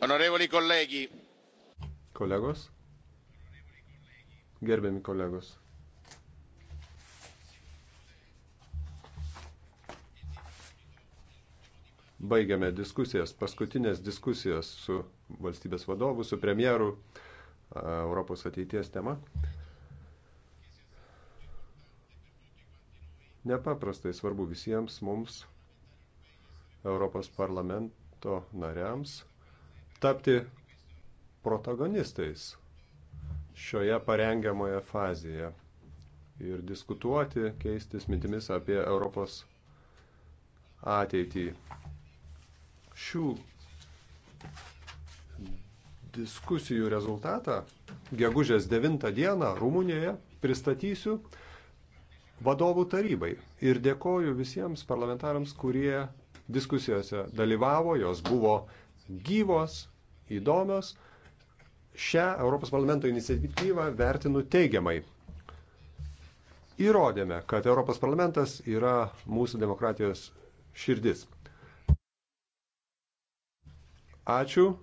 onorevoli colleghi kolegos gerbiami kolegos baigiame diskusijas paskutinės diskusijos su valstybės vadovu su premjeru europos ateities tema. nepaprastai svarbu visiems mums, Europos parlamento nariams, tapti protagonistais šioje parengiamoje fazėje ir diskutuoti, keistis mintimis apie Europos ateitį. Šių diskusijų rezultatą gegužės 9 dieną Rumunijoje pristatysiu vadovų tarybai ir dėkoju visiems parlamentarams, kurie diskusijose dalyvavo, jos buvo gyvos, įdomios. Šią Europos parlamento iniciatyvą vertinu teigiamai. Įrodėme, kad Europos parlamentas yra mūsų demokratijos širdis. Ačiū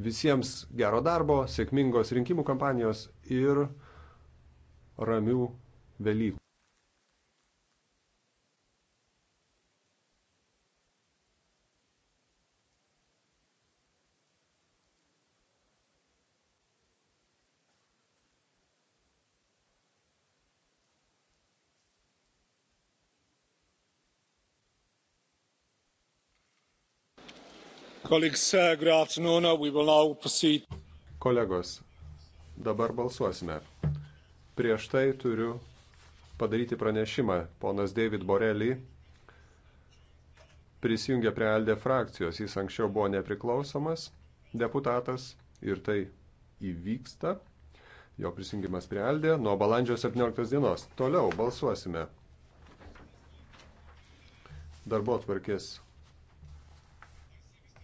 visiems gero darbo, sėkmingos rinkimų kampanijos ir ramių Velykų. Uh, uh, Kolegos, dabar balsuosime. Prieš tai turiu padaryti pranešimą. Ponas David Borelį prisijungė prie Aldė frakcijos. Jis anksčiau buvo nepriklausomas deputatas ir tai įvyksta. Jo prisijungimas prie Aldė nuo balandžio 17 dienos. Toliau balsuosime. Darbo atvarkės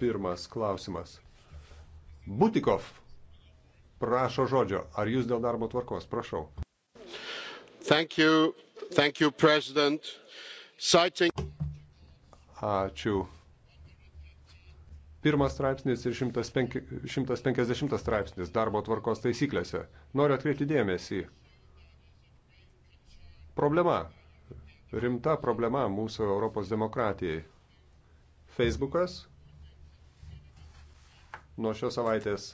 pirmas klausimas. Butikov prašo žodžio. Ar jūs dėl darbo tvarkos? Prašau mr president citing. ačiū. Pirmas straipsnis ir 150 straipsnis darbo tvarkos taisyklėse. Noriu atkreipti dėmesį. Problema. Rimta problema mūsų Europos demokratijai. Facebookas nuo šios savaitės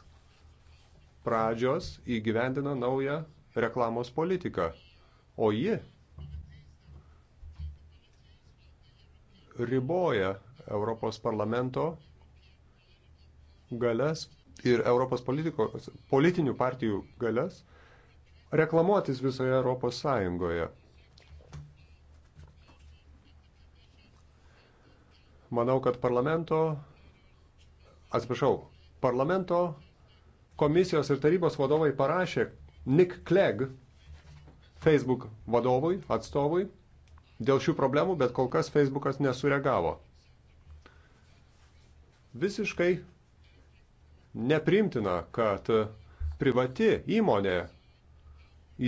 pradžios įgyvendina naują reklamos politiką o ji riboja Europos parlamento galės ir Europos politikos, politinių partijų galės reklamuotis visoje Europos Sąjungoje. Manau, kad parlamento, atsiprašau, parlamento komisijos ir tarybos vadovai parašė Nick Clegg Facebook vadovui, atstovui dėl šių problemų, bet kol kas Facebookas nesureagavo. Visiškai neprimtina, kad privati įmonė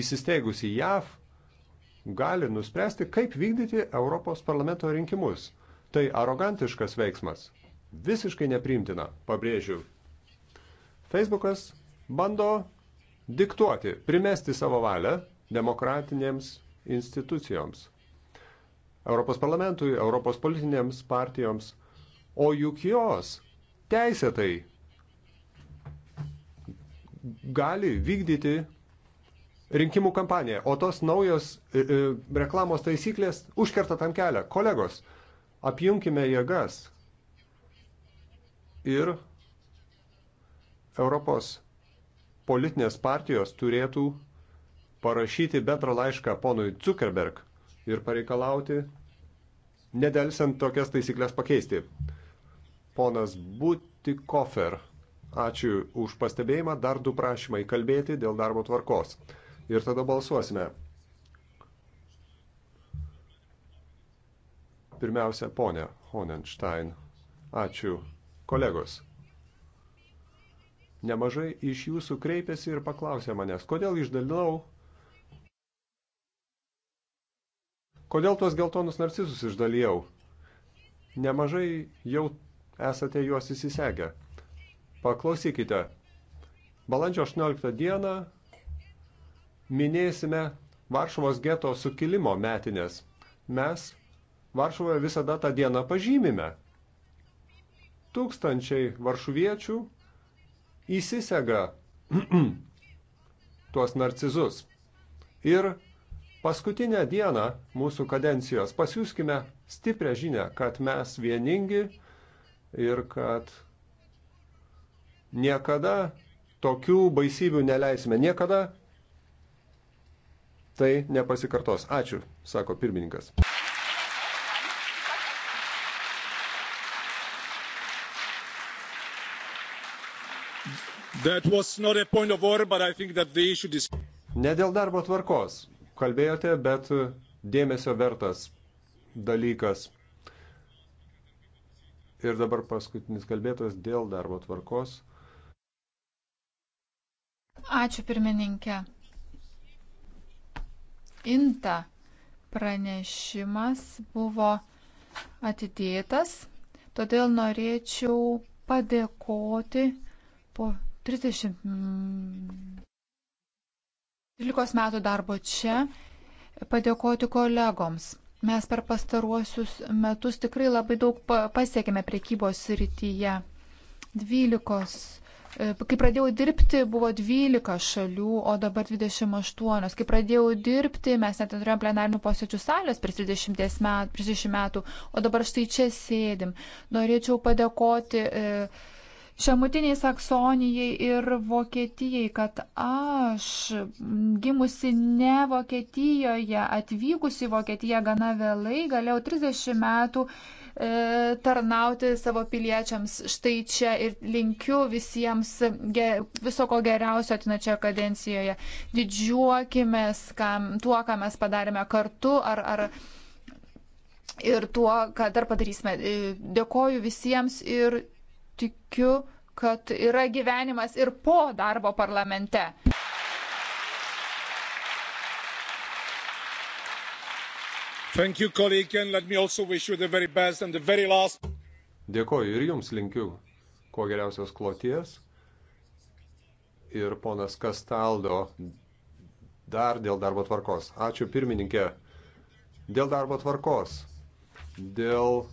įsisteigusi JAV gali nuspręsti, kaip vykdyti Europos parlamento rinkimus. Tai arogantiškas veiksmas. Visiškai neprimtina, pabrėžiu. Facebookas bando diktuoti, primesti savo valią demokratinėms institucijoms, Europos parlamentui, Europos politinėms partijoms, o juk jos teisėtai gali vykdyti rinkimų kampaniją, o tos naujos e, e, reklamos taisyklės užkerta tam kelią. Kolegos, apjungkime jėgas ir Europos politinės partijos turėtų parašyti bendrą laišką ponui Zuckerberg ir pareikalauti nedelsiant tokias taisyklės pakeisti. Ponas Butikofer, ačiū už pastebėjimą, dar du prašymai kalbėti dėl darbo tvarkos. Ir tada balsuosime. Pirmiausia, ponė Honenstein. Ačiū. Kolegos. Nemažai iš jūsų kreipėsi ir paklausė manęs, kodėl išdalinau Kodėl tuos geltonus narcizus išdalijau? Nemažai jau esate juos įsisegę. Paklausykite. Balandžio 18 dieną minėsime Varšuvos geto sukilimo metinės. Mes Varšuvoje visada tą dieną pažymime. Tūkstančiai varšuviečių įsisega tuos narcizus ir paskutinę dieną mūsų kadencijos pasiūskime stiprią žinę, kad mes vieningi ir kad niekada tokių baisybių neleisime. Niekada tai nepasikartos. Ačiū, sako pirmininkas. Order, is... Ne dėl darbo tvarkos kalbėjote, bet dėmesio vertas dalykas. Ir dabar paskutinis kalbėtas dėl darbo tvarkos. Ačiū pirmininkė. Inta pranešimas buvo atidėtas, todėl norėčiau padėkoti po 30 13 metų darbo čia padėkoti kolegoms. Mes per pastaruosius metus tikrai labai daug pasiekėme priekybos rytyje. 12. E, kai pradėjau dirbti, buvo 12 šalių, o dabar 28. Kai pradėjau dirbti, mes net turėjom plenarinių posėdžių salės prieš 30 metų, prieš 30 metų, o dabar štai čia sėdim. Norėčiau padėkoti. E, šiamutiniai Saksonijai ir Vokietijai, kad aš, gimusi ne Vokietijoje, atvykusi į Vokietiją gana vėlai, galėjau 30 metų e, tarnauti savo piliečiams. Štai čia ir linkiu visiems ge, viso ko geriausio atinačioje kadencijoje. Didžiuokime tuo, ką mes padarėme kartu ar, ar ir tuo, ką dar padarysime. E, dėkoju visiems ir tikiu, kad yra gyvenimas ir po darbo parlamente. Thank you, colleague, and let me also wish you the very best and the very last. Dėkoju ir jums linkiu kuo geriausios kloties. Ir ponas Kastaldo dar dėl darbo tvarkos. Ačiū pirmininkė. Dėl darbo tvarkos. Dėl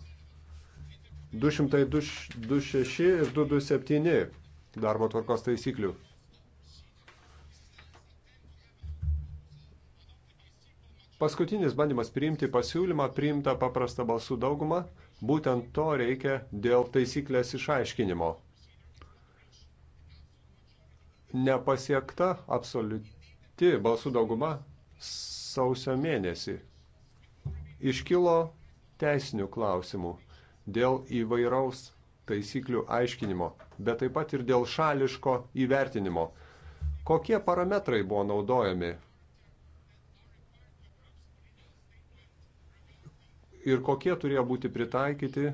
226 ir 227 darbo tvarkos taisyklių. Paskutinis bandymas priimti pasiūlymą priimta paprasta balsų dauguma, būtent to reikia dėl taisyklės išaiškinimo. Nepasiekta absoliuti balsų dauguma sausio mėnesį. Iškilo teisinių klausimų dėl įvairaus taisyklių aiškinimo, bet taip pat ir dėl šališko įvertinimo. Kokie parametrai buvo naudojami ir kokie turėjo būti pritaikyti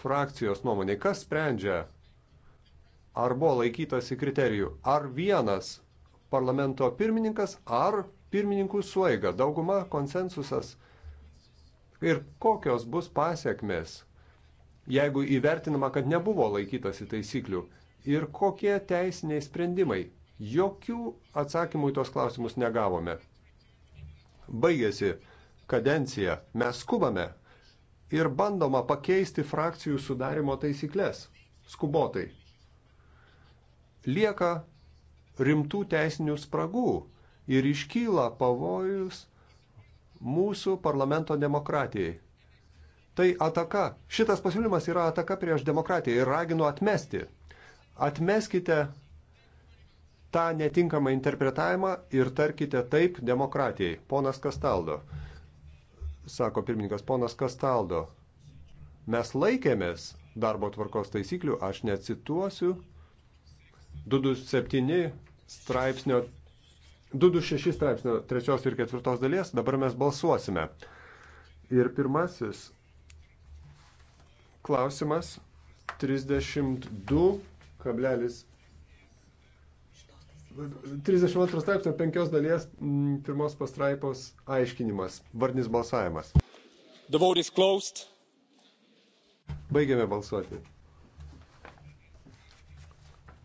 frakcijos nuomonė. Kas sprendžia, ar buvo laikytasi kriterijų? Ar vienas parlamento pirmininkas, ar pirmininkų suėga, dauguma, konsensusas? Ir kokios bus pasiekmes jeigu įvertinama, kad nebuvo laikytasi taisyklių. Ir kokie teisiniai sprendimai? Jokių atsakymų į tos klausimus negavome. Baigėsi kadencija, mes skubame ir bandoma pakeisti frakcijų sudarimo taisyklės skubotai. Lieka rimtų teisinių spragų ir iškyla pavojus mūsų parlamento demokratijai. Tai ataka. Šitas pasiūlymas yra ataka prieš demokratiją ir raginu atmesti. Atmeskite tą netinkamą interpretavimą ir tarkite taip demokratijai. Ponas Kastaldo, sako pirmininkas, ponas Kastaldo, mes laikėmės darbo tvarkos taisyklių, aš necituosiu, 227 straipsnio, 226 straipsnio trečios ir ketvirtos dalies, dabar mes balsuosime. Ir pirmasis Klausimas 32 kablelis. 32 straipsnio 5 dalies pirmos pastraipos aiškinimas, vardinis balsavimas. The vote is closed. Baigiame balsuoti.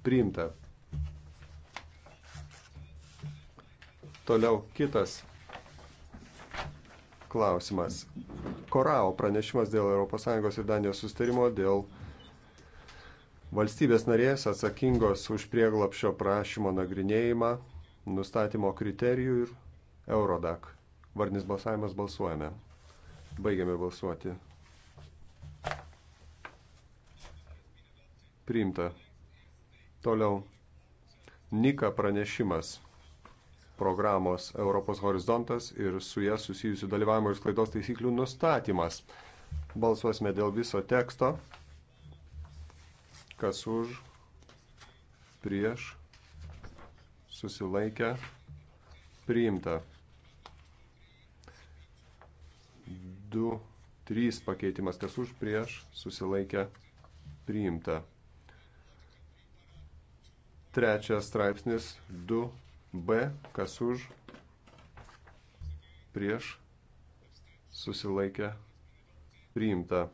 Priimta. Toliau kitas klausimas. Korao pranešimas dėl ES ir Danijos sustarimo dėl valstybės narės atsakingos už prieglapšio prašymo nagrinėjimą, nustatymo kriterijų ir Eurodak. Varnis balsavimas balsuojame. Baigiame balsuoti. Priimta. Toliau. Nika pranešimas programos Europos horizontas ir su ją susijusių dalyvavimo ir sklaidos taisyklių nustatymas. Balsuosime dėl viso teksto. Kas už, prieš, susilaikę, priimta. Du, trys pakeitimas. Kas už, prieš, susilaikę, priimta. Trečias straipsnis, du, B, kas už, prieš, susilaikę, priimta.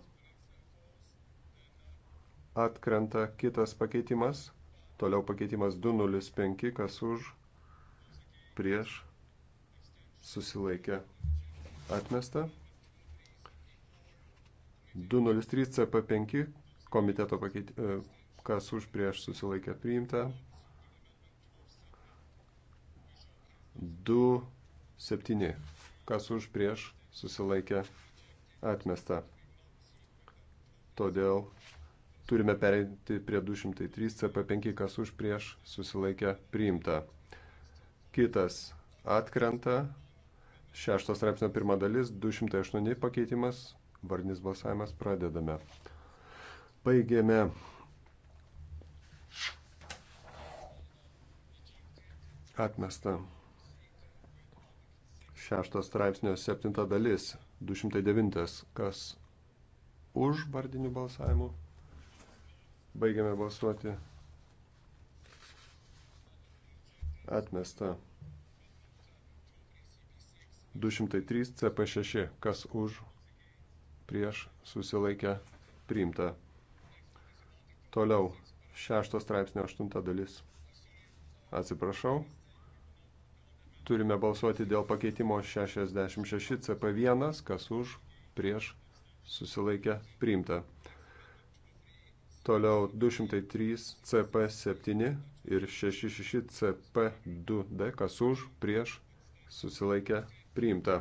Atkrenta kitas pakeitimas, toliau pakeitimas 205, kas už, prieš, susilaikę, atmesta. 203 CP5 komiteto pakeit... E, kas už prieš susilaikę priimta, 2, 7. Kas už prieš susilaikė atmesta. Todėl turime pereiti prie 203 CP5, kas už prieš susilaikė priimta. Kitas atkrenta. Šeštas straipsnio pirma dalis, 208 pakeitimas, varnis balsavimas pradedame. Baigėme atmesta šeštas straipsnio septinta dalis, 209, kas už vardinių balsavimų. Baigiame balsuoti. Atmesta. 203 CP6, kas už prieš susilaikę priimta. Toliau, šešto straipsnio aštunta dalis. Atsiprašau, Turime balsuoti dėl pakeitimo 66 CP1, kas už, prieš, susilaikė, priimta. Toliau 203 CP7 ir 66 CP2D, kas už, prieš, susilaikė, priimta.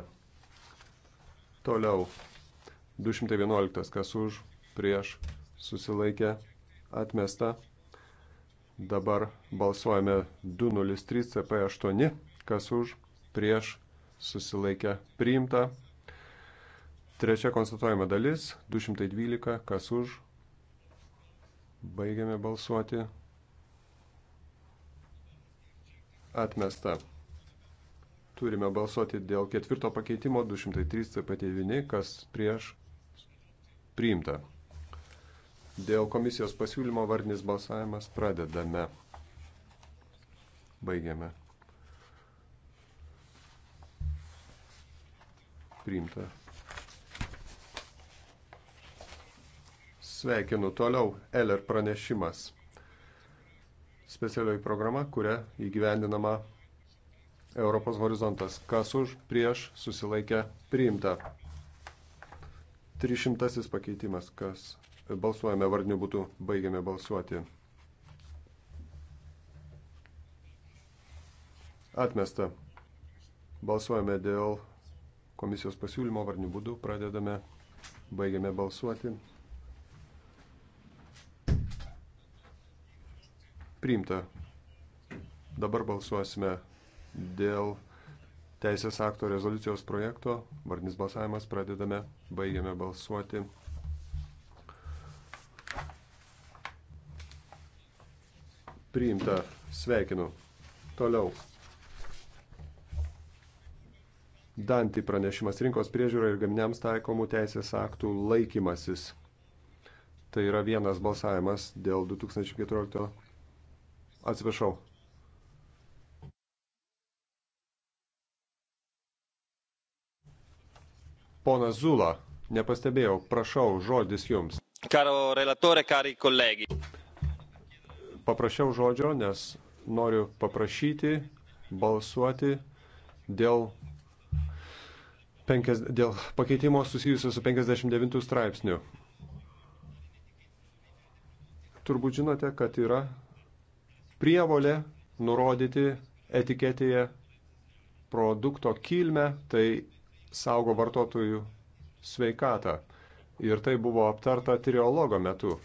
Toliau 211, kas už, prieš, susilaikė, atmesta. Dabar balsuojame 203 CP8 kas už, prieš, susilaikė, priimta. Trečia konstatuojama dalis, 212, kas už, baigiame balsuoti, atmesta. Turime balsuoti dėl ketvirto pakeitimo 203 CP9, kas prieš priimta. Dėl komisijos pasiūlymo vardinis balsavimas pradedame. Baigiame. priimta. Sveikinu toliau Eller pranešimas. Specialioji programa, kuria įgyvendinama Europos horizontas. Kas už, prieš, susilaikę, priimta. 300 pakeitimas, kas balsuojame vardiniu būtų, baigiame balsuoti. Atmesta. Balsuojame dėl komisijos pasiūlymo varnių būdų. Pradedame, baigiame balsuoti. Priimta. Dabar balsuosime dėl teisės akto rezoliucijos projekto. Varnis balsavimas pradedame, baigiame balsuoti. Priimta. Sveikinu. Toliau. Dantį pranešimas rinkos priežiūra ir gaminiams taikomų teisės aktų laikymasis. Tai yra vienas balsavimas dėl 2014. Atsiprašau. Pona Zula, nepastebėjau, prašau, žodis jums. Karo relatore, kari kolegi. Paprašiau žodžio, nes noriu paprašyti balsuoti dėl penkias, dėl pakeitimo susijusio su 59 straipsniu. Turbūt žinote, kad yra prievolė nurodyti etiketėje produkto kilmę, tai saugo vartotojų sveikatą. Ir tai buvo aptarta triologo metu.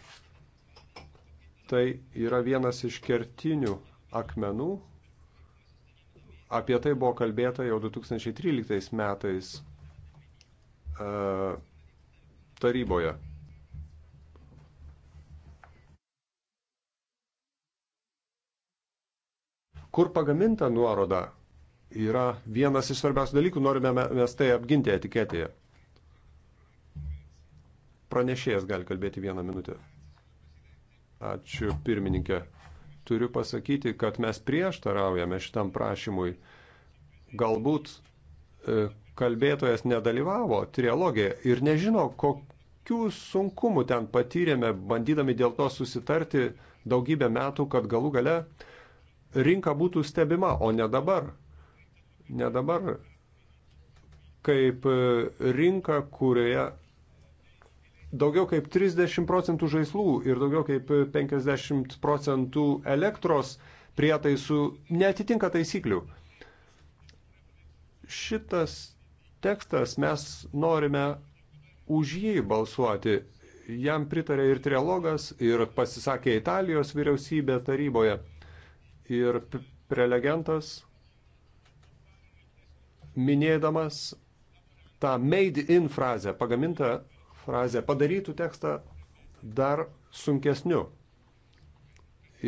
Tai yra vienas iš kertinių akmenų. Apie tai buvo kalbėta jau 2013 metais E, taryboje. Kur pagaminta nuoroda yra vienas iš svarbiausių dalykų, norime mes tai apginti etiketėje. Pranešėjas gali kalbėti vieną minutę. Ačiū pirmininkė. Turiu pasakyti, kad mes prieštaraujame šitam prašymui. Galbūt e, kalbėtojas nedalyvavo trialogėje ir nežino, kokių sunkumų ten patyrėme, bandydami dėl to susitarti daugybę metų, kad galų gale rinka būtų stebima, o ne dabar. Ne dabar, kaip e, rinka, kurioje daugiau kaip 30 procentų žaislų ir daugiau kaip 50 procentų elektros prietaisų netitinka taisyklių. Šitas tekstas, mes norime už jį balsuoti. Jam pritarė ir trialogas, ir pasisakė Italijos vyriausybė taryboje. Ir prelegentas, minėdamas tą made in frazę, pagamintą frazę, padarytų tekstą dar sunkesniu.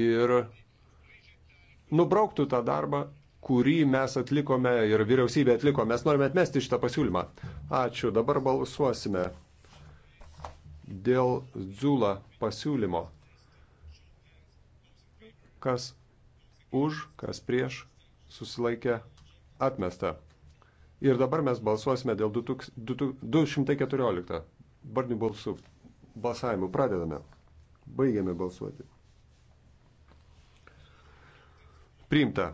Ir nubrauktų tą darbą kurį mes atlikome ir vyriausybė atliko. Mes norime atmesti šitą pasiūlymą. Ačiū. Dabar balsuosime dėl Dzula pasiūlymo. Kas už, kas prieš, susilaikė atmesta. Ir dabar mes balsuosime dėl 214 barnių balsų balsavimų. Pradedame. Baigiame balsuoti. Priimta.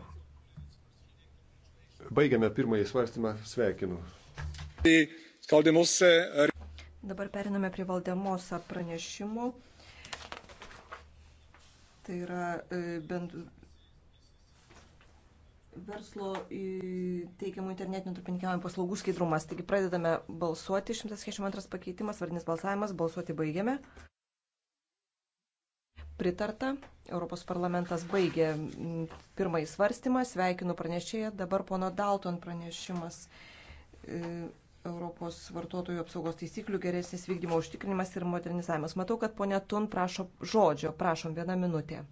Baigiame pirmąjį svarstymą. Sveikinu. Dabar periname prie valdemosa pranešimų. Tai yra e, bent verslo teikiamų internetinių tarpininkavimo paslaugų skaidrumas. Taigi pradedame balsuoti. 162 pakeitimas, vardinis balsavimas. Balsuoti baigiame pritarta. Europos parlamentas baigė pirmąjį svarstymą. Sveikinu pranešėją. Dabar pono Dalton pranešimas. E, Europos vartotojų apsaugos taisyklių geresnis vykdymo užtikrinimas ir modernizavimas. Matau, kad ponia Tun prašo žodžio. Prašom, vieną minutę.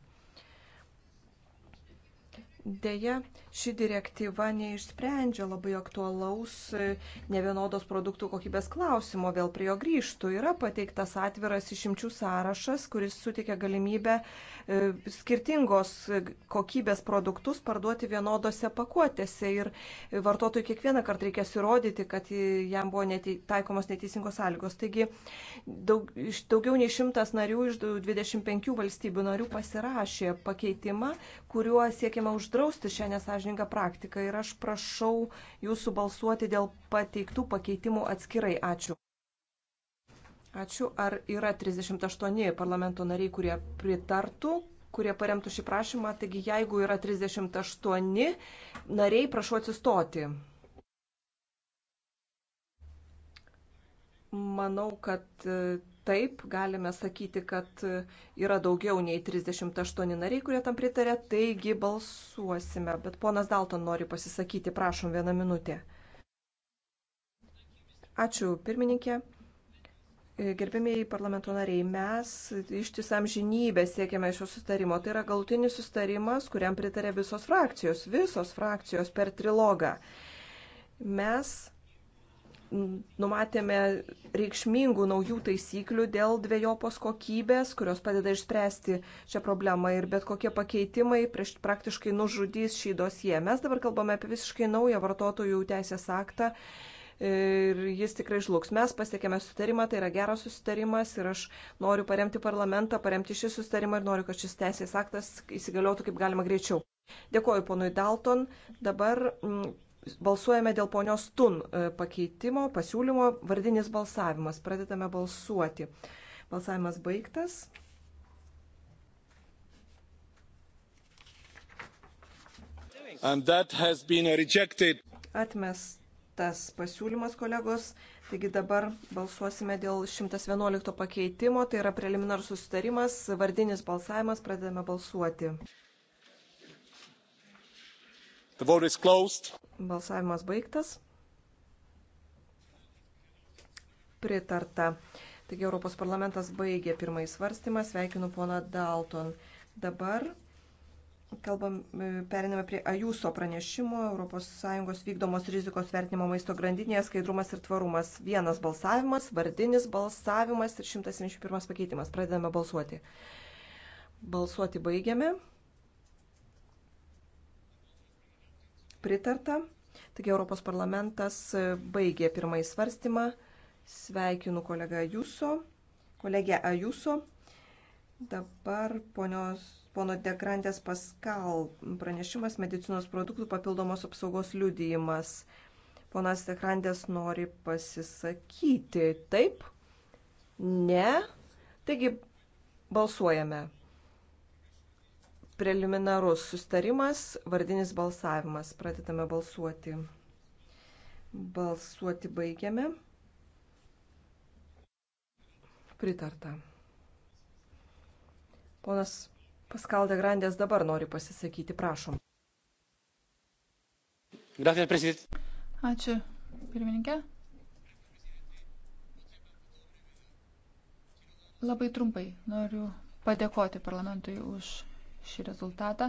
Deja, ši direktyva neišsprendžia labai aktualaus e, nevienodos produktų kokybės klausimo, vėl prie jo grįžtų. Yra pateiktas atviras išimčių sąrašas, kuris sutikė galimybę e, skirtingos e, kokybės produktus parduoti vienodose pakuotėse ir vartotojui kiekvieną kartą reikės įrodyti, kad jam buvo netei, taikomos neteisingos sąlygos. Taigi daug, daugiau nei šimtas narių iš 25 valstybių narių pasirašė pakeitimą, kuriuo siekiama uždrausti uždrausti šią nesažininką praktiką ir aš prašau jūsų balsuoti dėl pateiktų pakeitimų atskirai. Ačiū. Ačiū. Ar yra 38 parlamento nariai, kurie pritartų, kurie paremtų šį prašymą? Taigi, jeigu yra 38 nariai, prašau atsistoti. Manau, kad Taip, galime sakyti, kad yra daugiau nei 38 nariai, kurie tam pritarė, taigi balsuosime. Bet ponas Dalton nori pasisakyti, prašom vieną minutę. Ačiū, pirmininkė. Gerbėmiai parlamento nariai, mes ištisam žinybę siekiame šio sustarimo. Tai yra galutinis sustarimas, kuriam pritarė visos frakcijos, visos frakcijos per trilogą. Mes numatėme reikšmingų naujų taisyklių dėl dviejopos kokybės, kurios padeda išspręsti šią problemą ir bet kokie pakeitimai prieš, praktiškai nužudys šį dosiją. Mes dabar kalbame apie visiškai naują vartotojų teisės aktą. E, ir jis tikrai žlugs. Mes pasiekėme sutarimą, tai yra geras sutarimas ir aš noriu paremti parlamentą, paremti šį sutarimą ir noriu, kad šis teisės aktas įsigaliotų kaip galima greičiau. Dėkoju ponui Dalton. Dabar mm, Balsuojame dėl ponios Tun e, pakeitimo, pasiūlymo, vardinis balsavimas. Pradedame balsuoti. Balsavimas baigtas. Atmestas pasiūlymas, kolegos. Taigi dabar balsuosime dėl 111 pakeitimo. Tai yra preliminarus susitarimas, vardinis balsavimas. Pradedame balsuoti. Balsavimas baigtas. Pritarta. Taigi Europos parlamentas baigė pirmąjį svarstymą. Sveikinu poną Dalton. Dabar kalbam, e, periname prie Ajuso pranešimo ES vykdomos rizikos vertinimo maisto grandinėje skaidrumas ir tvarumas. Vienas balsavimas, vardinis balsavimas ir 171 pakeitimas. Pradedame balsuoti. Balsuoti baigiame. Pritarta. Taigi Europos parlamentas e, baigė pirmąjį svarstymą. Sveikinu kolegą Jūso, kolegę Ajuso. Dabar ponios, pono Degrantės Paskal pranešimas medicinos produktų papildomos apsaugos liudijimas. Ponas Degrantės nori pasisakyti. Taip? Ne? Taigi balsuojame preliminarus sustarimas, vardinis balsavimas. Pradedame balsuoti. Balsuoti baigiame. Pritarta. Ponas Paskaldė Grandės dabar nori pasisakyti, prašom. Ačiū, pirmininkė. Labai trumpai noriu padėkoti parlamentui už šį rezultatą.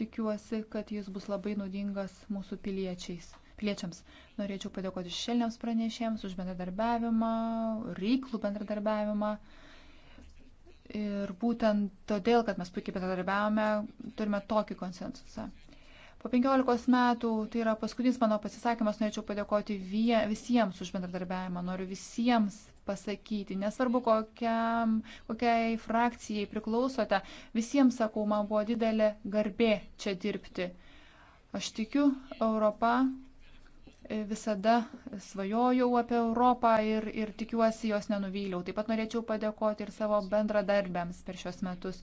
Tikiuosi, kad jis bus labai naudingas mūsų piliečiais. Piliečiams norėčiau padėkoti šešėliniams pranešėjams už bendradarbiavimą, reiklų bendradarbiavimą. Ir būtent todėl, kad mes puikiai bendradarbiavome, turime tokį konsensusą. Po 15 metų, tai yra paskutinis mano pasisakymas, norėčiau padėkoti vie, visiems už bendradarbiavimą, noriu visiems pasakyti, nesvarbu kokiam, kokiai frakcijai priklausote, visiems sakau, man buvo didelė garbė čia dirbti. Aš tikiu Europą, e, visada svajojau apie Europą ir, ir tikiuosi jos nenuvyliau. Taip pat norėčiau padėkoti ir savo bendradarbėms per šios metus.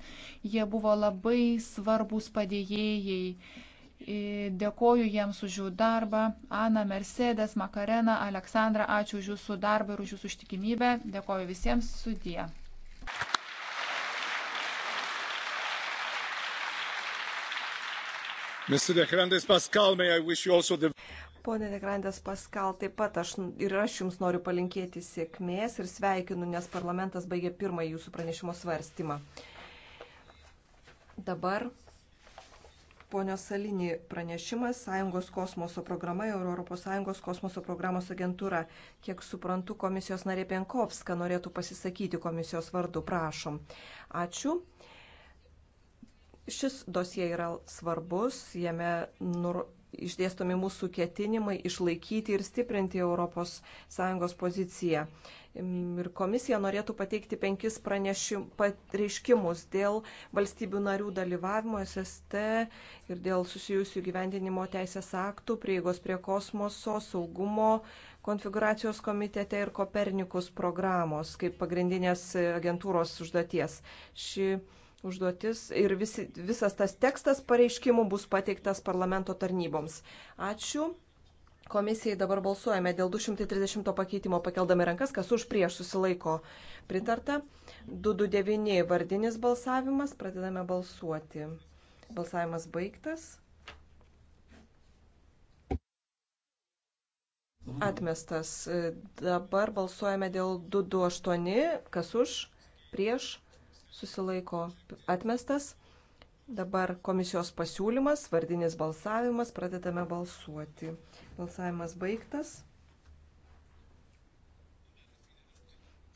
Jie buvo labai svarbus padėjėjai Dėkoju jiems už jų darbą. Ana, Mercedes, Makarena, Aleksandra, ačiū už jūsų darbą ir už jūsų ištikimybę. Dėkoju visiems sudie. The... Pone Degrandes Paskal, taip pat aš ir aš Jums noriu palinkėti sėkmės ir sveikinu, nes parlamentas baigė pirmąjį Jūsų pranešimo svarstymą. Dabar Ponios Salinį pranešimas Sąjungos kosmoso programa ir ES kosmoso programos agentūra. Kiek suprantu, komisijos narė Pienkovska norėtų pasisakyti komisijos vardu. Prašom. Ačiū. Šis dosie yra svarbus, jame nur, išdėstomi mūsų ketinimai išlaikyti ir stiprinti ES poziciją ir komisija norėtų pateikti penkis pranešim, pareiškimus dėl valstybių narių dalyvavimo SST ir dėl susijusių gyvendinimo teisės aktų, prieigos prie kosmoso, saugumo konfiguracijos komitete ir Kopernikus programos kaip pagrindinės agentūros užduoties. Ši užduotis ir visi, visas tas tekstas pareiškimų bus pateiktas parlamento tarnyboms. Ačiū. Komisijai dabar balsuojame dėl 230 pakeitimo pakeldami rankas, kas už prieš susilaiko pritarta. 229 vardinis balsavimas, pradedame balsuoti. Balsavimas baigtas. Atmestas. Dabar balsuojame dėl 228, kas už prieš susilaiko atmestas. Dabar komisijos pasiūlymas, vardinis balsavimas, pradedame balsuoti. Balsavimas baigtas.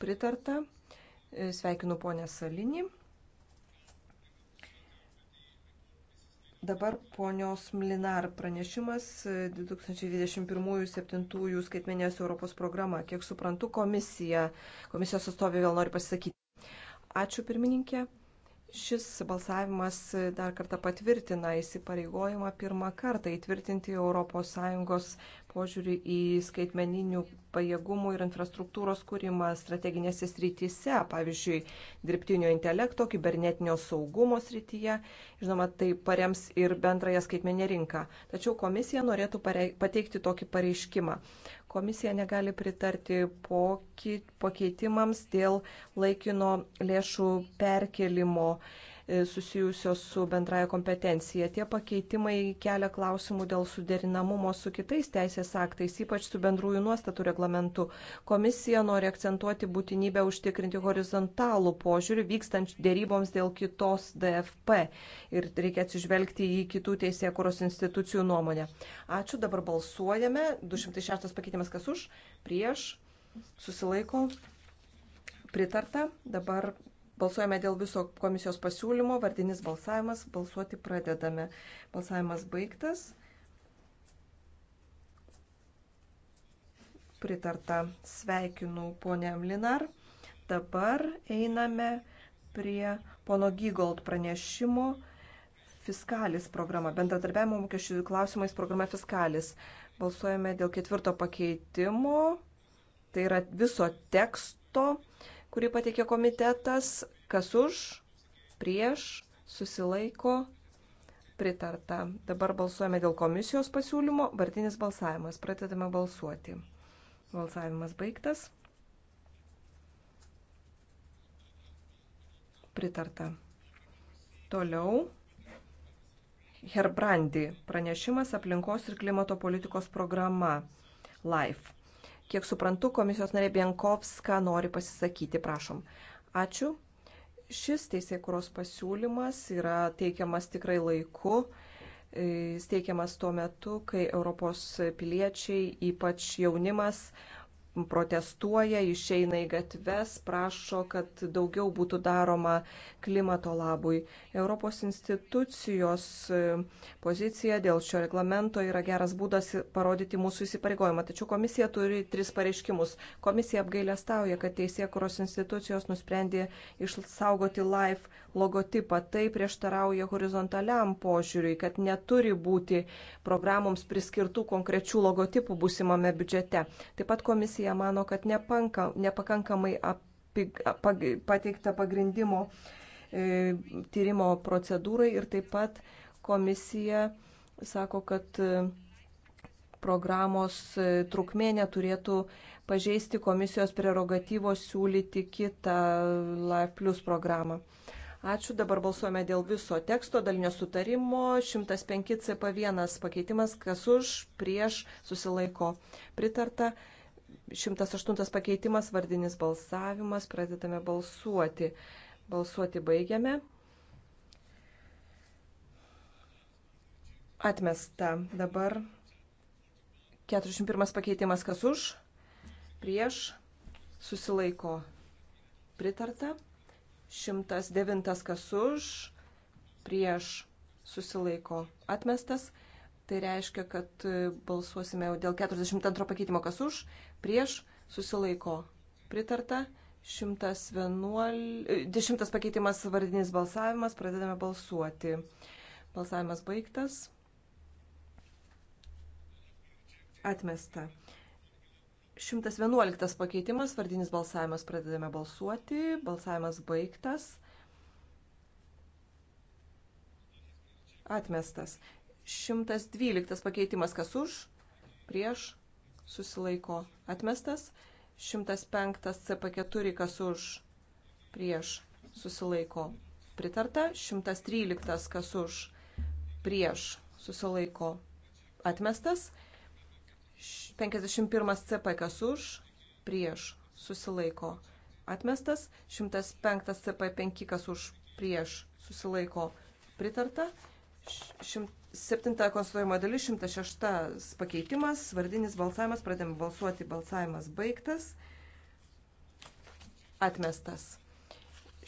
Pritarta. Sveikinu ponę Salinį. Dabar ponios Mlinar pranešimas 2021-2027 skaitmenės Europos programa. Kiek suprantu, komisija, komisijos atstovė vėl nori pasisakyti. Ačiū pirmininkė. Šis balsavimas dar kartą patvirtina įsipareigojimą pirmą kartą įtvirtinti ES požiūrį į skaitmeninių pajėgumų ir infrastruktūros kūrimą strateginėse srityse, pavyzdžiui, dirbtinio intelekto, kibernetinio saugumo srityje. Žinoma, tai parems ir bendrąją skaitmeninę rinką. Tačiau komisija norėtų pateikti tokį pareiškimą. Komisija negali pritarti pokyt, pakeitimams dėl laikino lėšų perkelimo E, susijusios su bendraja kompetencija. Tie pakeitimai kelia klausimų dėl suderinamumo su kitais teisės aktais, ypač su bendrųjų nuostatų reglamentu. Komisija nori akcentuoti būtinybę užtikrinti horizontalų požiūrį vykstant dėryboms dėl kitos DFP ir reikia atsižvelgti į kitų teisėkuros institucijų nuomonę. Ačiū, dabar balsuojame. 206 pakeitimas kas už, prieš, susilaiko. Pritarta. Dabar Balsuojame dėl viso komisijos pasiūlymo, vardinis balsavimas, balsuoti pradedame. Balsavimas baigtas. Pritarta, sveikinu ponę Mlinar. Dabar einame prie pono Gygold pranešimo Fiskalis programa, bendradarbiavimo mokesčių klausimais programa Fiskalis. Balsuojame dėl ketvirto pakeitimo, tai yra viso teksto kurį pateikė komitetas, kas už, prieš, susilaiko, pritarta. Dabar balsuojame dėl komisijos pasiūlymo, vartinis balsavimas, pradedame balsuoti. Balsavimas baigtas. Pritarta. Toliau. Herbrandi pranešimas aplinkos ir klimato politikos programa LIFE. Kiek suprantu, komisijos narė Bienkovska nori pasisakyti, prašom. Ačiū. Šis teisėkuros pasiūlymas yra teikiamas tikrai laiku. Jis teikiamas tuo metu, kai Europos piliečiai, ypač jaunimas, protestuoja, išeina į gatves, prašo, kad daugiau būtų daroma klimato labui. Europos institucijos e, pozicija dėl šio reglamento yra geras būdas parodyti mūsų įsipareigojimą. Tačiau komisija turi tris pareiškimus. Komisija apgailę stauja, kad teisėkuros institucijos nusprendė išsaugoti LIFE logotipą. Tai prieštarauja horizontaliam požiūriui, kad neturi būti programoms priskirtų konkrečių logotipų būsimame biudžete. Taip pat komisija komisija mano, kad nepanka, nepakankamai apig, apag, pateikta pagrindimo e, tyrimo procedūrai ir taip pat komisija sako, kad e, programos e, trukmė neturėtų pažeisti komisijos prerogatyvos siūlyti kitą Life Plus programą. Ačiū, dabar balsuojame dėl viso teksto dalinio sutarimo. 105 CP1 pakeitimas, kas už, prieš, susilaiko. Pritarta. 108 pakeitimas, vardinis balsavimas, pradedame balsuoti. Balsuoti baigiame. Atmesta. Dabar 41 pakeitimas, kas už, prieš, susilaiko pritarta. 109 kas už, prieš, susilaiko atmestas. Tai reiškia, kad balsuosime dėl 42 pakeitimo kas už, prieš, susilaiko pritarta. 111, 10 pakeitimas vardinis balsavimas, pradedame balsuoti. Balsavimas baigtas. Atmesta. 111 pakeitimas, vardinis balsavimas, pradedame balsuoti. Balsavimas baigtas. Atmestas. 112 pakeitimas, kas už, prieš, susilaiko atmestas. 105 CP4, kas už, prieš, susilaiko pritarta. 113, kas už, prieš, susilaiko atmestas. 51 CP, kas už, prieš, susilaiko atmestas. 105 CP5, kas už, prieš, susilaiko pritarta. 100 Septinta konstituojama dalis, 106 pakeitimas, vardinis balsavimas, pradėm balsuoti, balsavimas baigtas, atmestas.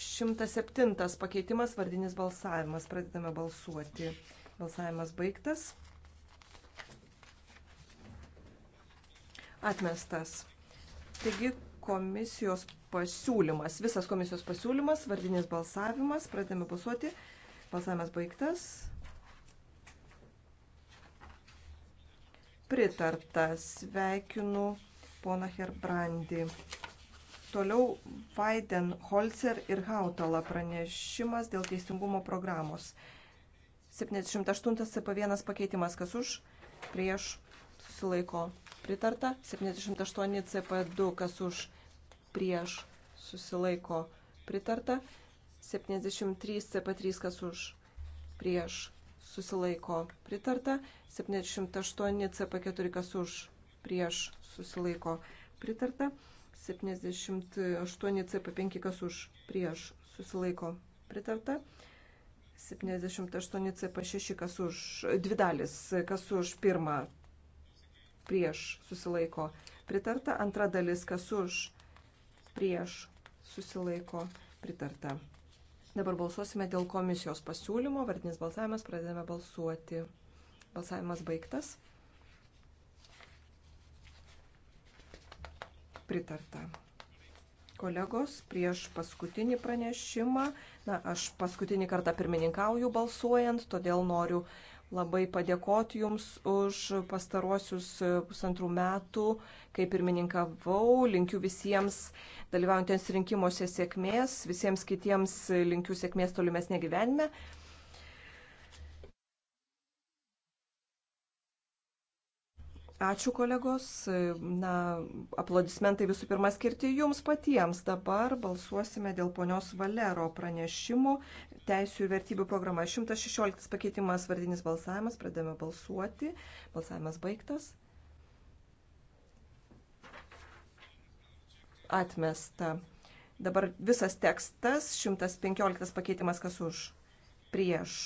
107 pakeitimas, vardinis balsavimas, pradedame balsuoti, balsavimas baigtas, atmestas. Taigi komisijos pasiūlymas, visas komisijos pasiūlymas, vardinis balsavimas, pradėme balsuoti, balsavimas baigtas, pritarta. Sveikinu pona Herbrandį. Toliau Vaiden, Holzer ir Hautala pranešimas dėl teisingumo programos. 78 CP1 pakeitimas, kas už, prieš, susilaiko, pritarta. 78 CP2, kas už, prieš, susilaiko, pritarta. 73 CP3, kas už, prieš, susilaiko pritarta, 78 CP4 kas už prieš susilaiko pritarta, 78 CP5 kas už prieš susilaiko pritarta, 78 CP6 kas už dvi dalis, kas už pirmą prieš susilaiko pritarta, antra dalis kas už prieš susilaiko pritarta. Dabar balsuosime dėl komisijos pasiūlymo. Vardinis balsavimas, pradedame balsuoti. Balsavimas baigtas. Pritarta kolegos, prieš paskutinį pranešimą, na, aš paskutinį kartą pirmininkauju balsuojant, todėl noriu labai padėkoti Jums už pastaruosius pusantrų metų, kai pirmininkavau. Linkiu visiems dalyvaujantiems rinkimuose sėkmės, visiems kitiems linkiu sėkmės tolimesnė gyvenime. Ačiū kolegos. Na, aplodismentai visų pirma skirti jums patiems. Dabar balsuosime dėl ponios Valero pranešimų. Teisų ir vertybių programa 116 pakeitimas, vardinis balsavimas. Pradėjome balsuoti. Balsavimas baigtas. Atmesta. Dabar visas tekstas, 115 pakeitimas, kas už, prieš,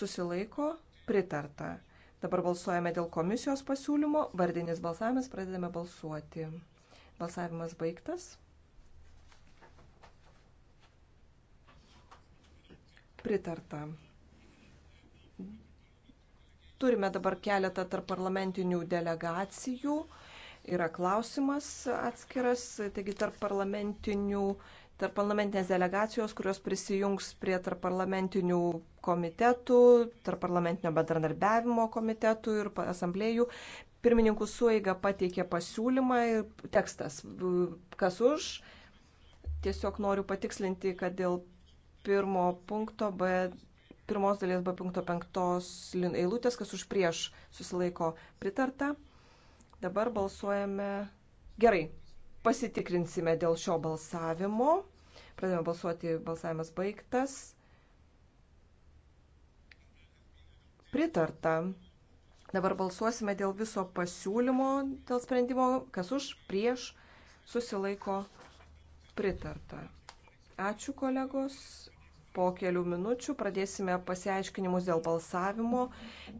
susilaiko, pritarta. Dabar balsuojame dėl komisijos pasiūlymo. Vardinis balsavimas, pradedame balsuoti. Balsavimas baigtas. Pritarta. Turime dabar keletą tarp parlamentinių delegacijų. Yra klausimas atskiras, taigi tarp parlamentinių delegacijų tarp parlamentinės delegacijos, kurios prisijungs prie tarp parlamentinių komitetų, tarp parlamentinio bendradarbiavimo komitetų ir asamblėjų. Pirmininkų sueiga pateikė pasiūlymą ir tekstas. Kas už? Tiesiog noriu patikslinti, kad dėl pirmo punkto B, pirmos dalies B punkto penktos eilutės, kas už prieš susilaiko pritarta. Dabar balsuojame. Gerai, Pasitikrinsime dėl šio balsavimo. Pradėjome balsuoti, balsavimas baigtas. Pritarta. Dabar balsuosime dėl viso pasiūlymo, dėl sprendimo, kas už, prieš, susilaiko pritarta. Ačiū kolegos. Po kelių minučių pradėsime pasiaiškinimus dėl balsavimo.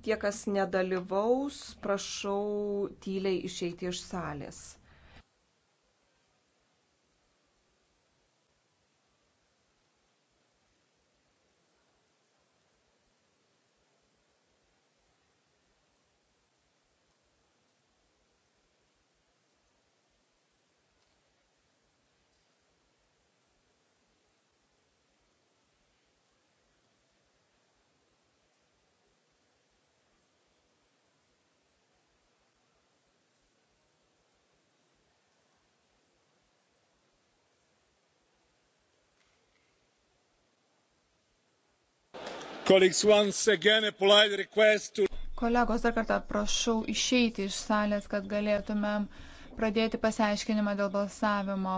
Tie, kas nedalyvaus, prašau tyliai išeiti iš salės. Kolegos, dar kartą prašau išeiti iš salės, kad galėtumėm pradėti pasiaiškinimą dėl balsavimo.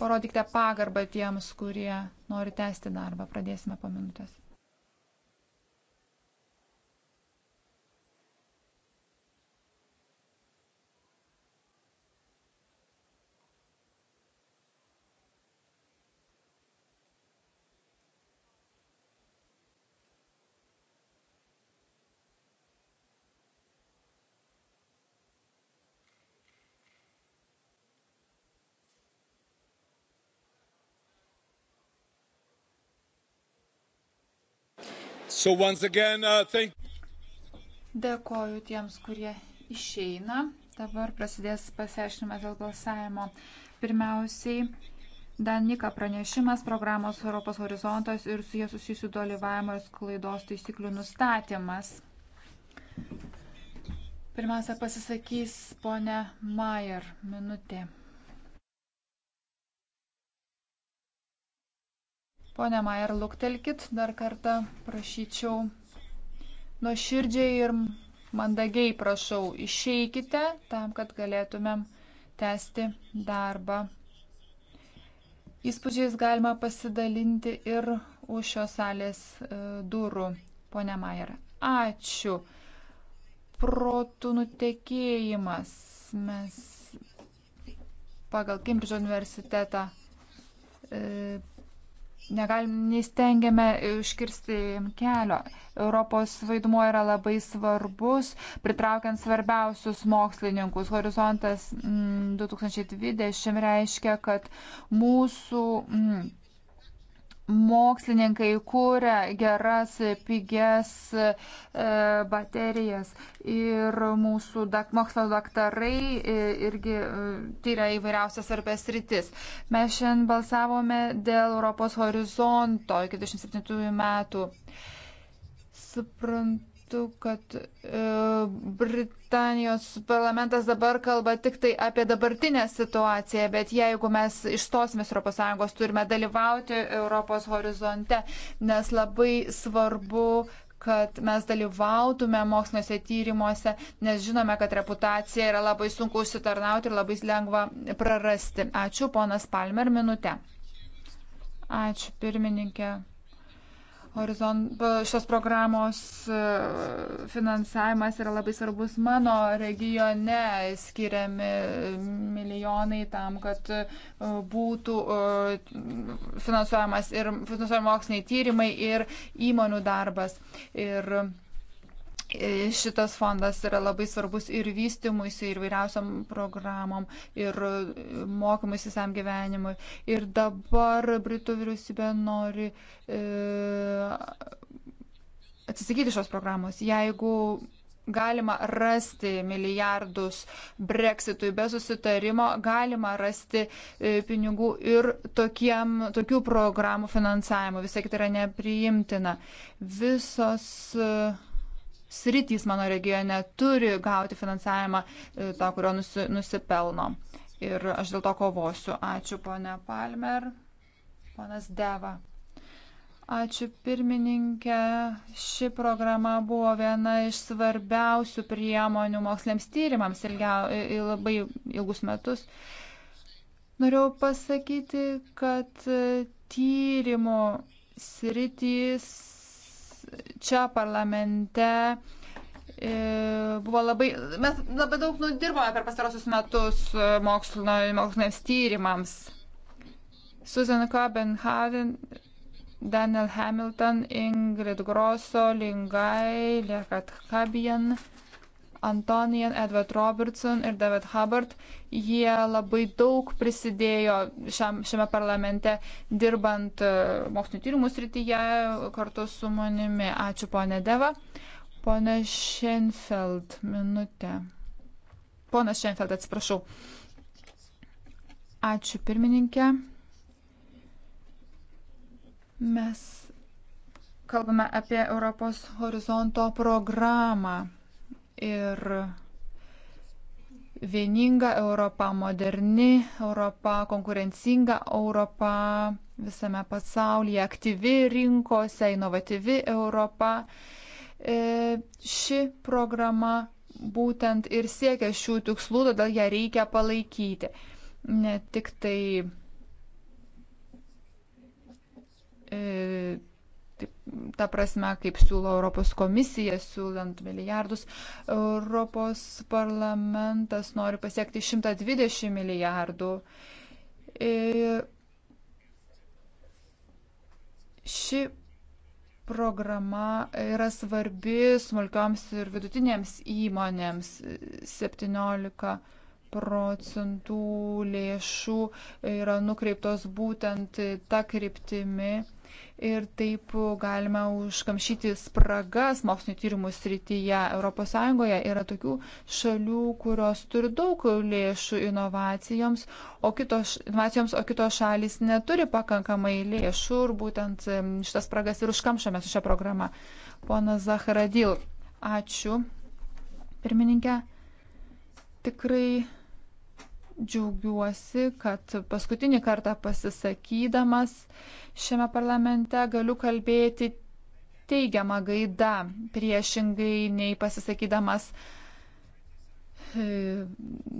Parodykite pagarbą tiems, kurie nori tęsti darbą. Pradėsime po minutės. So again, uh, thank... Dėkoju tiems, kurie išeina. Dabar prasidės pasiaiškinimas dėl balsavimo. Pirmiausiai, Danika pranešimas programos Europos horizontas ir su jie susijusių dalyvavimo ir sklaidos taisyklių nustatymas. Pirmiausia, pasisakys ponė Mayer minutė. Pone Majer, luktelkit dar kartą, prašyčiau. Nuoširdžiai ir mandagiai prašau, išeikite tam, kad galėtumėm tęsti darbą. Įspūdžiais galima pasidalinti ir už šios salės e, durų, ponia Majer. Ačiū. Protų nutekėjimas. Mes pagal Kimbridžo universitetą e, negalim, neįstengiame iškirsti kelio. Europos vaidmuo yra labai svarbus, pritraukiant svarbiausius mokslininkus. Horizontas 2020 mm, reiškia, kad mūsų mm, mokslininkai kūrė geras, pigias e, baterijas ir mūsų dak, mokslo daktarai e, irgi e, tyria įvairiausias svarbės rytis. Mes šiandien balsavome dėl Europos horizonto iki 27 metų. Suprantu suprantu, kad e, Britanijos parlamentas dabar kalba tik tai apie dabartinę situaciją, bet jeigu mes išstosime Europos Sąjungos, turime dalyvauti Europos horizonte, nes labai svarbu kad mes dalyvautume moksliniuose tyrimuose, nes žinome, kad reputacija yra labai sunku užsitarnauti ir labai lengva prarasti. Ačiū, ponas Palmer, minutę. Ačiū, pirmininkė. Horizont, šios programos e, finansavimas yra labai svarbus mano regione, skiriami milijonai tam, kad e, būtų e, finansuojamas ir finansuojami moksliniai tyrimai ir įmonių darbas. Ir E, šitas fondas yra labai svarbus ir vystimuisi, ir vairiausiam programom, ir e, mokymui visam gyvenimui. Ir dabar Britų vyriausybė nori e, atsisakyti šios programos. Jeigu galima rasti milijardus breksitui be susitarimo, galima rasti e, pinigų ir tokiem, tokių programų finansavimo. Visai kitai yra nepriimtina. Visos uh, sritys mano regione turi gauti finansavimą e, to, kurio nusi, nusipelno. Ir aš dėl to kovosiu. Ačiū, ponė Palmer. Ponas Deva. Ačiū pirmininkė. Ši programa buvo viena iš svarbiausių priemonių moksliniams tyrimams ilgiau, labai ilgus metus. Norėjau pasakyti, kad e, tyrimų sritys čia parlamente e, buvo labai, mes labai daug nudirbome per pastarosius metus moksliniams tyrimams. Susan Copenhagen, Daniel Hamilton, Ingrid Grosso, Lingai, Lekat Kabijan. Antonijan, Edward Robertson ir David Hubbard. Jie labai daug prisidėjo šiam, šiame parlamente dirbant e, mokslinio tyrimų srityje kartu su manimi. Ačiū ponė Deva. Pone Schenfeld, minutė. Pona Schenfeld, atsiprašau. Ačiū pirmininkė. Mes kalbame apie Europos horizonto programą ir vieninga Europa, moderni Europa, konkurencinga Europa visame pasaulyje, aktyvi rinkose, inovatyvi Europa. E, ši programa būtent ir siekia šių tikslų, todėl ją reikia palaikyti. Ne tik tai e, Taip, ta prasme, kaip siūlo Europos komisija, siūlant milijardus, Europos parlamentas nori pasiekti 120 milijardų. Ir e, ši programa yra svarbi smulkioms ir vidutinėms įmonėms 17 procentų lėšų yra nukreiptos būtent tą kryptimį ir taip galime užkamšyti spragas mokslinio tyrimų srityje. ES yra tokių šalių, kurios turi daug lėšų inovacijoms, o kitos, inovacijoms, o kitos šalis neturi pakankamai lėšų ir būtent šitas spragas ir užkamšame su šia programa. Pona Zaharadil, ačiū. Pirmininkė, tikrai džiaugiuosi, kad paskutinį kartą pasisakydamas šiame parlamente galiu kalbėti teigiamą gaidą, priešingai nei pasisakydamas e,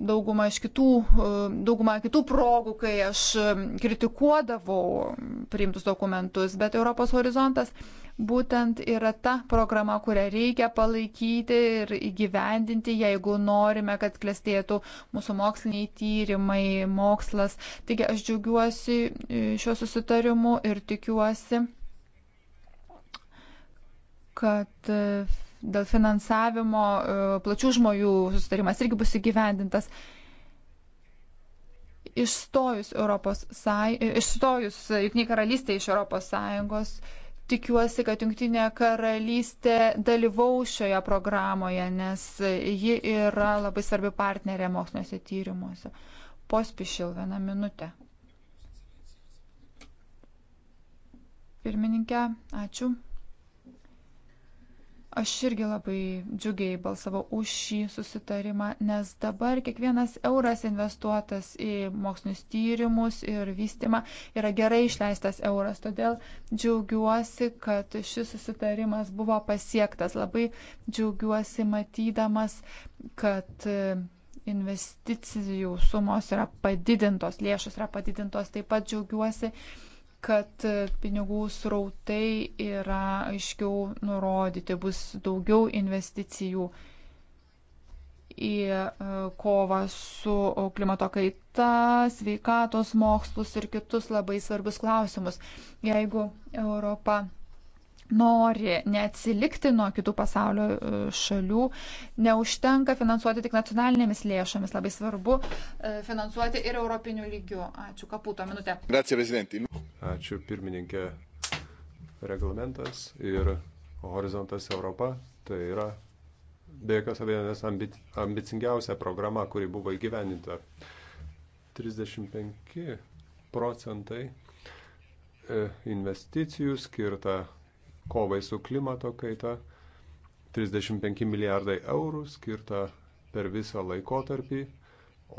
daugumą, kitų, e, daugumą kitų progų, kai aš kritikuodavau priimtus dokumentus, bet Europos horizontas būtent yra ta programa, kurią reikia palaikyti ir įgyvendinti, jeigu norime, kad klestėtų mūsų moksliniai tyrimai, mokslas. Taigi aš džiaugiuosi e, šiuo susitarimu ir tikiuosi, kad e, dėl finansavimo e, plačių žmonių susitarimas irgi bus įgyvendintas. Išstojus Europos Sąjungos, išstojus Junkiniai karalystė iš Europos Sąjungos, tikiuosi, kad Junktinė karalystė dalyvaus šioje programoje, nes ji yra labai svarbi partnerė moksliniuose tyrimuose. Pospišil vieną minutę. Pirmininkė, ačiū. Aš irgi labai džiugiai balsavau už šį susitarimą, nes dabar kiekvienas euras investuotas į mokslinius tyrimus ir vystimą yra gerai išleistas euras. Todėl džiaugiuosi, kad šis susitarimas buvo pasiektas. Labai džiaugiuosi matydamas, kad investicijų sumos yra padidintos, lėšos yra padidintos. Taip pat džiaugiuosi, kad e, pinigų srautai yra aiškiau nurodyti, bus daugiau investicijų į e, kovą su e, klimato kaita, sveikatos mokslus ir kitus labai svarbus klausimus. Jeigu Europa nori neatsilikti nuo kitų pasaulio e, šalių, neužtenka finansuoti tik nacionalinėmis lėšomis, labai svarbu e, finansuoti ir europinių lygių. Ačiū, kaputo minutė. Ačiū, pirmininkė. Reglamentas ir Horizontas Europa tai yra be jokios abejonės ambic ambicingiausia programa, kuri buvo įgyveninta. 35 procentai e, investicijų skirta kovai su klimato kaita. 35 milijardai eurų skirta per visą laikotarpį,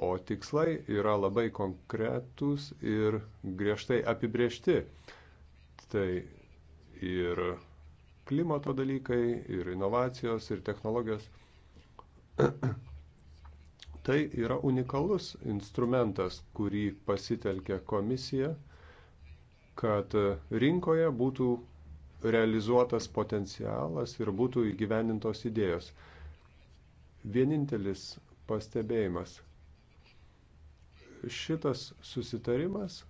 o tikslai yra labai konkretūs ir griežtai apibriešti. Tai ir klimato dalykai, ir inovacijos, ir technologijos. tai yra unikalus instrumentas, kurį pasitelkia komisija, kad rinkoje būtų realizuotas potencialas ir būtų įgyvendintos idėjos. Vienintelis pastebėjimas. Šitas susitarimas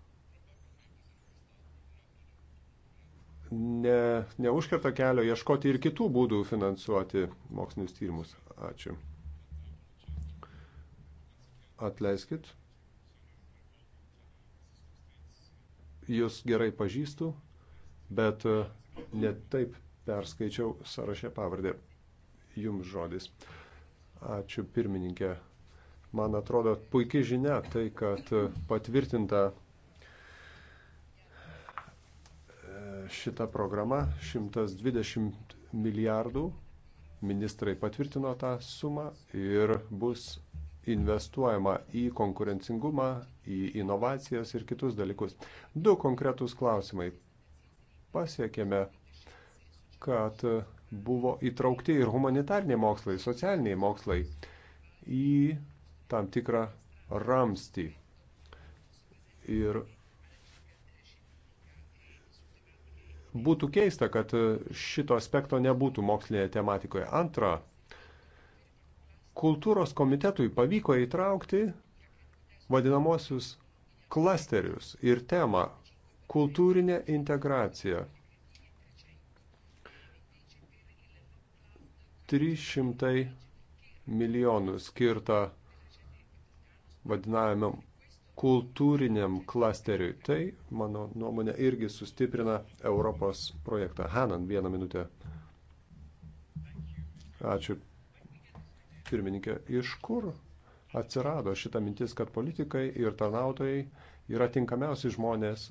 ne, neužkerta kelio ieškoti ir kitų būdų finansuoti mokslinius tyrimus. Ačiū. Atleiskit. Jūs gerai pažįstu, bet netaip perskaičiau sąrašę pavardę. Jums žodis. Ačiū pirmininkė. Man atrodo, puikiai žinia tai, kad patvirtinta e, šita programa 120 milijardų. Ministrai patvirtino tą sumą ir bus investuojama į konkurencingumą, į inovacijas ir kitus dalykus. Du konkretūs klausimai pasiekėme, kad buvo įtraukti ir humanitariniai mokslai, socialiniai mokslai į tam tikrą ramstį. Ir būtų keista, kad šito aspekto nebūtų mokslinėje tematikoje. Antra, kultūros komitetui pavyko įtraukti vadinamosius klasterius ir temą kultūrinė integracija. 300 milijonų skirta vadinamam kultūriniam klasteriui. Tai, mano nuomonė, irgi sustiprina Europos projektą. Hanan, vieną minutę. Ačiū. Pirmininkė, iš kur atsirado šita mintis, kad politikai ir tarnautojai yra tinkamiausi žmonės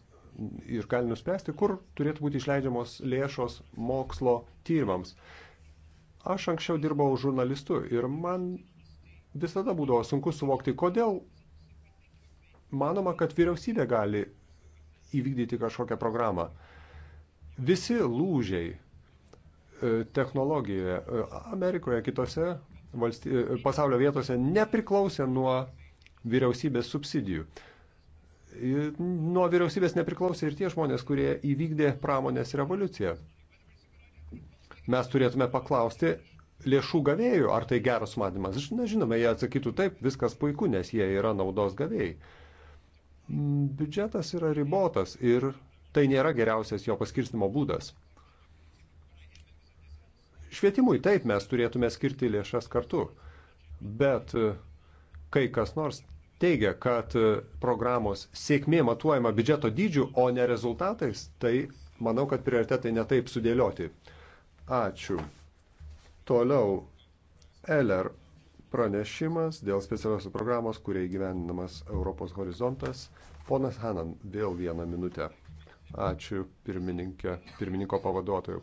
ir gali nuspręsti, kur turėtų būti išleidžiamos lėšos mokslo tyrimams. Aš anksčiau dirbau žurnalistu ir man visada būdavo sunku suvokti, kodėl manoma, kad vyriausybė gali įvykdyti kažkokią programą. Visi lūžiai e, technologijoje e, Amerikoje, kitose valsty... E, pasaulio vietose nepriklausė nuo vyriausybės subsidijų nuo vyriausybės nepriklausė ir tie žmonės, kurie įvykdė pramonės revoliuciją. Mes turėtume paklausti lėšų gavėjų, ar tai geras manymas. Na, žinoma, jie atsakytų taip, viskas puiku, nes jie yra naudos gavėjai. Biudžetas yra ribotas ir tai nėra geriausias jo paskirstimo būdas. Švietimui taip mes turėtume skirti lėšas kartu, bet kai kas nors teigia, kad e, programos sėkmė matuojama biudžeto dydžiu, o ne rezultatais, tai manau, kad prioritetai netaip sudėlioti. Ačiū. Toliau Eller pranešimas dėl specialiosios programos, kuriai gyveninamas Europos horizontas. Ponas Hanan, vėl vieną minutę. Ačiū pirmininko pavaduotojų.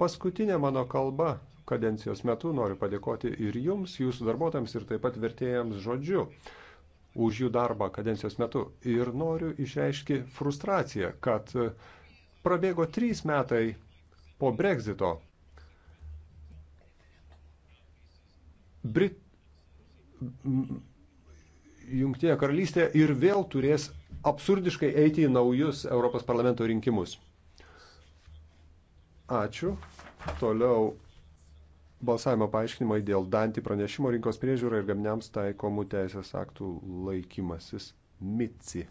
Paskutinė mano kalba kadencijos metu noriu padėkoti ir jums, jūsų darbuotojams ir taip pat vertėjams žodžiu už jų darbą kadencijos metu. Ir noriu išreikšti frustraciją, kad e, prabėgo trys metai po Brexito. Brit... Jungtinė karalystė ir vėl turės absurdiškai eiti į naujus Europos parlamento rinkimus. Ačiū. Toliau balsavimo paaiškinimai dėl Dantį pranešimo rinkos priežiūra ir gaminiams taikomų teisės aktų laikymasis MICI.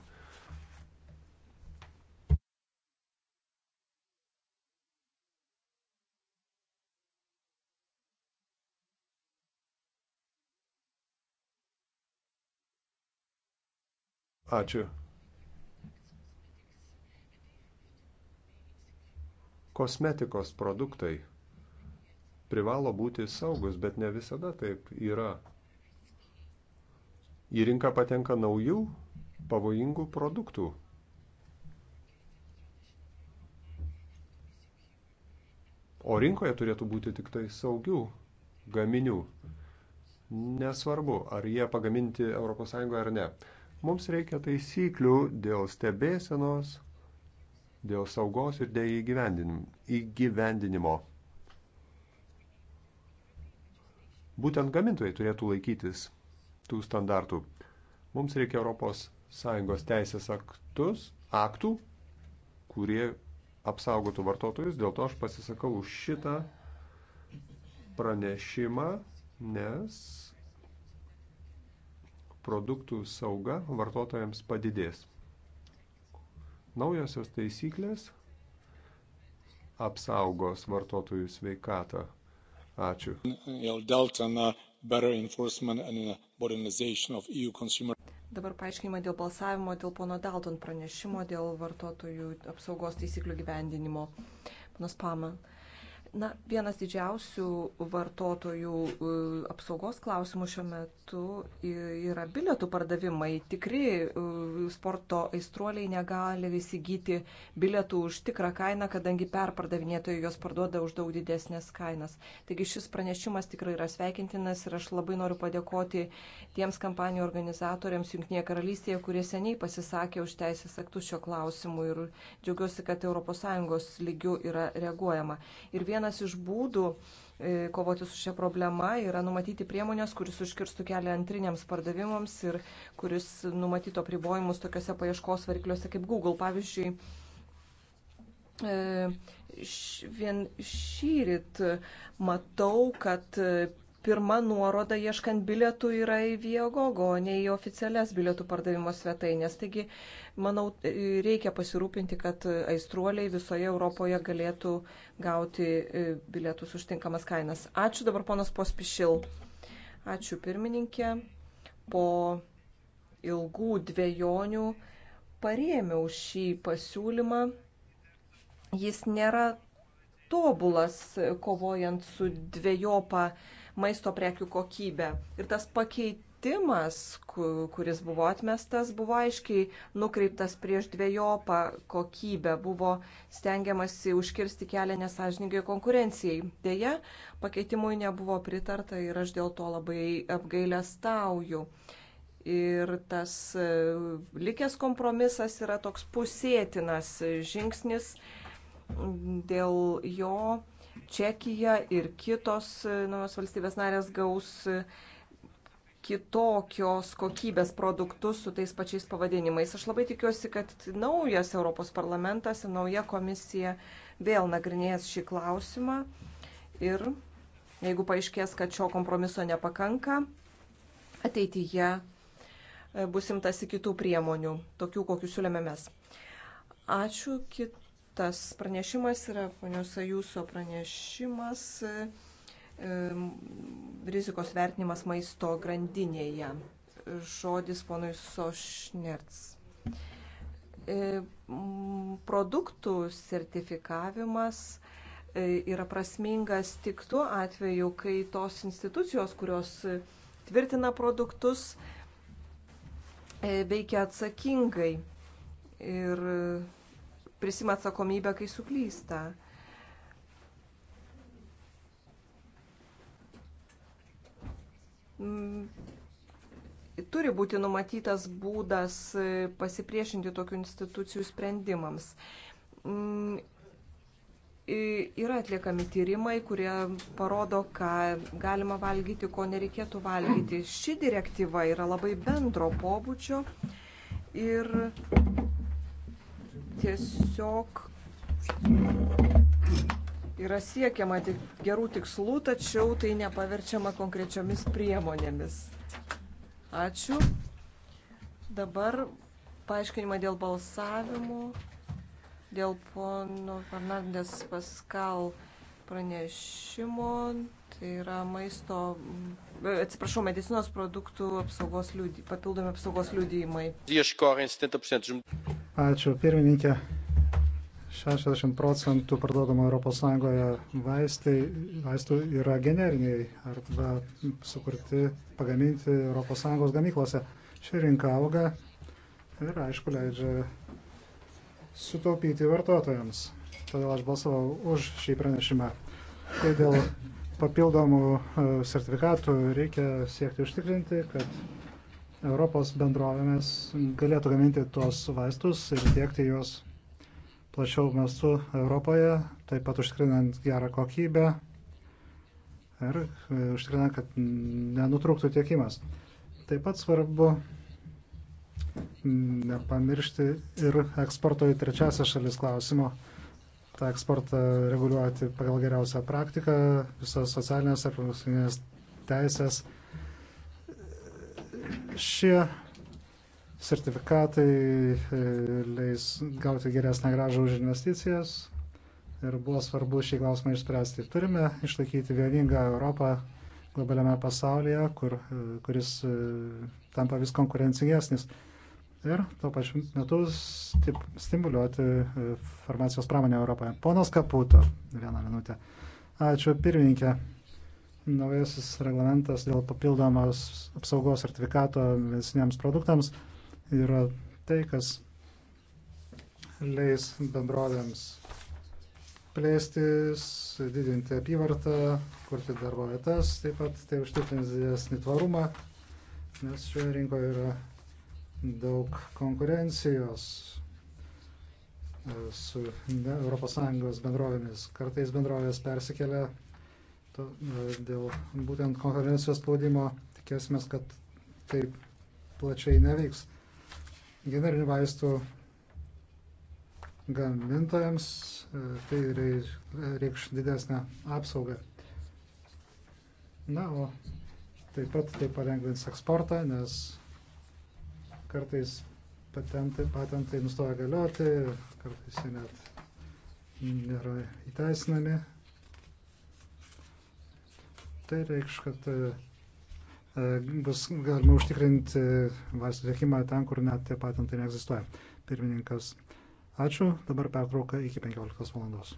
Ačiū. Kosmetikos produktai privalo būti saugus, bet ne visada taip yra. Į rinką patenka naujų pavojingų produktų. O rinkoje turėtų būti tik tai saugių gaminių. Nesvarbu, ar jie pagaminti ES ar ne. Mums reikia taisyklių dėl stebėsenos, dėl saugos ir dėl įgyvendinimo. Būtent gamintojai turėtų laikytis tų standartų. Mums reikia ES teisės aktus, aktų, kurie apsaugotų vartotojus. Dėl to aš pasisakau už šitą pranešimą, nes produktų sauga vartotojams padidės. Naujosios taisyklės apsaugos vartotojų sveikatą Ačiū. Uh, e Dabar paaiškinimą dėl balsavimo dėl pono Dalton pranešimo dėl vartotojų apsaugos taisyklių gyvendinimo. Panas Paman. Na, vienas didžiausių vartotojų e, apsaugos klausimų šiuo metu yra bilietų pardavimai. Tikri e, sporto aistruoliai negali įsigyti bilietų už tikrą kainą, kadangi perpardavinėtojai juos parduoda už daug didesnės kainas. Taigi šis pranešimas tikrai yra sveikintinas ir aš labai noriu padėkoti tiems kampanijų organizatoriams Junktinėje karalystėje, kurie seniai pasisakė už teisės aktus šio klausimu ir džiaugiuosi, kad ES lygių yra reaguojama. Ir vien vienas iš būdų e, kovoti su šia problema yra numatyti priemonės, kuris užkirstų kelią antriniams pardavimams ir kuris numatyto pribojimus tokiuose paieškos varikliuose kaip Google. Pavyzdžiui, e, vien šyrit matau, kad pirma nuoroda ieškant bilietų yra į Viegogo, o ne į oficialias bilietų pardavimo svetainės. Taigi, manau, reikia pasirūpinti, kad aistruoliai visoje Europoje galėtų gauti e, bilietus užtinkamas kainas. Ačiū dabar ponas Pospišil. Ačiū pirmininkė. Po ilgų dviejonių parėmiau šį pasiūlymą. Jis nėra tobulas kovojant su dviejopą uh, maisto prekių kokybę. Ir tas pakeitimas, kuris buvo atmestas, buvo aiškiai nukreiptas prieš dviejopą kokybę, buvo stengiamasi užkirsti kelią nesažininkai konkurencijai. Deja, pakeitimui nebuvo pritarta ir aš dėl to labai apgailę stauju. Ir tas e, likęs kompromisas yra toks pusėtinas žingsnis dėl jo Čekija ir kitos e, naujos valstybės narės gaus e, kitokios kokybės produktus su tais pačiais pavadinimais. Aš labai tikiuosi, kad naujas Europos parlamentas ir nauja komisija vėl nagrinės šį klausimą. Ir jeigu paaiškės, kad šio kompromiso nepakanka, ateityje e, bus imtasi kitų priemonių, tokių, kokius siūlėme mes. Ačiū. Kit... Tas pranešimas yra ponios Jūso pranešimas rizikos vertinimas maisto grandinėje. Žodis ponui Sošnerts. E, produktų sertifikavimas e, yra prasmingas tik tuo atveju, kai tos institucijos, kurios tvirtina produktus, e, veikia atsakingai. Ir prisima atsakomybę, kai suklysta. Mm, turi būti numatytas būdas e, pasipriešinti tokių institucijų sprendimams. Mm, yra atliekami tyrimai, kurie parodo, ką galima valgyti, ko nereikėtų valgyti. Ši direktyva yra labai bendro pobūdžio ir tiesiog yra siekiama tik gerų tikslų, tačiau tai nepaverčiama konkrečiomis priemonėmis. Ačiū. Dabar paaiškinimą dėl balsavimų, dėl pono Fernandės Paskal pranešimo. Tai yra maisto, atsiprašau, medicinos produktų apsaugos liudį, papildomi apsaugos liudijimai. Ačiū, pirmininkė. 60 procentų parduodamo ES vaistai, vaistų yra generiniai arba sukurti, pagaminti ES gamyklose. Ši rinka auga ir aišku leidžia sutaupyti vartotojams. Todėl aš balsavau už šį pranešimą. Tai dėl papildomų e, sertifikatų reikia siekti užtikrinti, kad Europos bendrovėmis galėtų gaminti tuos vaistus ir tiekti juos plačiau mastu Europoje, taip pat užtikrinant gerą kokybę ir e, užtikrinant, kad nenutrūktų tiekimas. Taip pat svarbu mm, nepamiršti ir eksporto į trečiasią šalis klausimo tą eksportą reguliuoti pagal geriausią praktiką, visas socialinės ir profesinės teisės. Šie sertifikatai e, leis gauti geresnę gražą už investicijas ir buvo svarbu šį klausimą išspręsti. Turime išlaikyti vieningą Europą globaliame pasaulyje, kur, e, kuris e, tampa vis konkurencingesnis ir tuo pačiu metu stimuliuoti e, farmacijos pramonę Europoje. Ponas Kaputo, vieną minutę. Ačiū pirmininkė. Naujasis reglamentas dėl papildomos apsaugos sertifikato medicinėms produktams yra tai, kas leis bendrovėms plėstis, didinti apyvartą, kurti darbo vietas, taip pat tai užtikrins didesnį tvarumą, nes šioje rinkoje yra daug konkurencijos e, su ES bendrovėmis. Kartais bendrovės persikelia to, e, dėl būtent konkurencijos spaudimo. Tikėsime, kad taip plačiai neveiks. Generinių vaistų gamintojams e, tai reikš didesnę apsaugą. Na, o taip pat tai palengvins eksportą, nes Kartais patentai, patentai nustoja galioti, kartais jie net nėra įteisinami. Tai reikš, kad e, bus galima užtikrinti vaistų tiekimą ten, kur net tie patentai neegzistuoja. Pirmininkas, ačiū. Dabar pertrauka iki 15 valandos.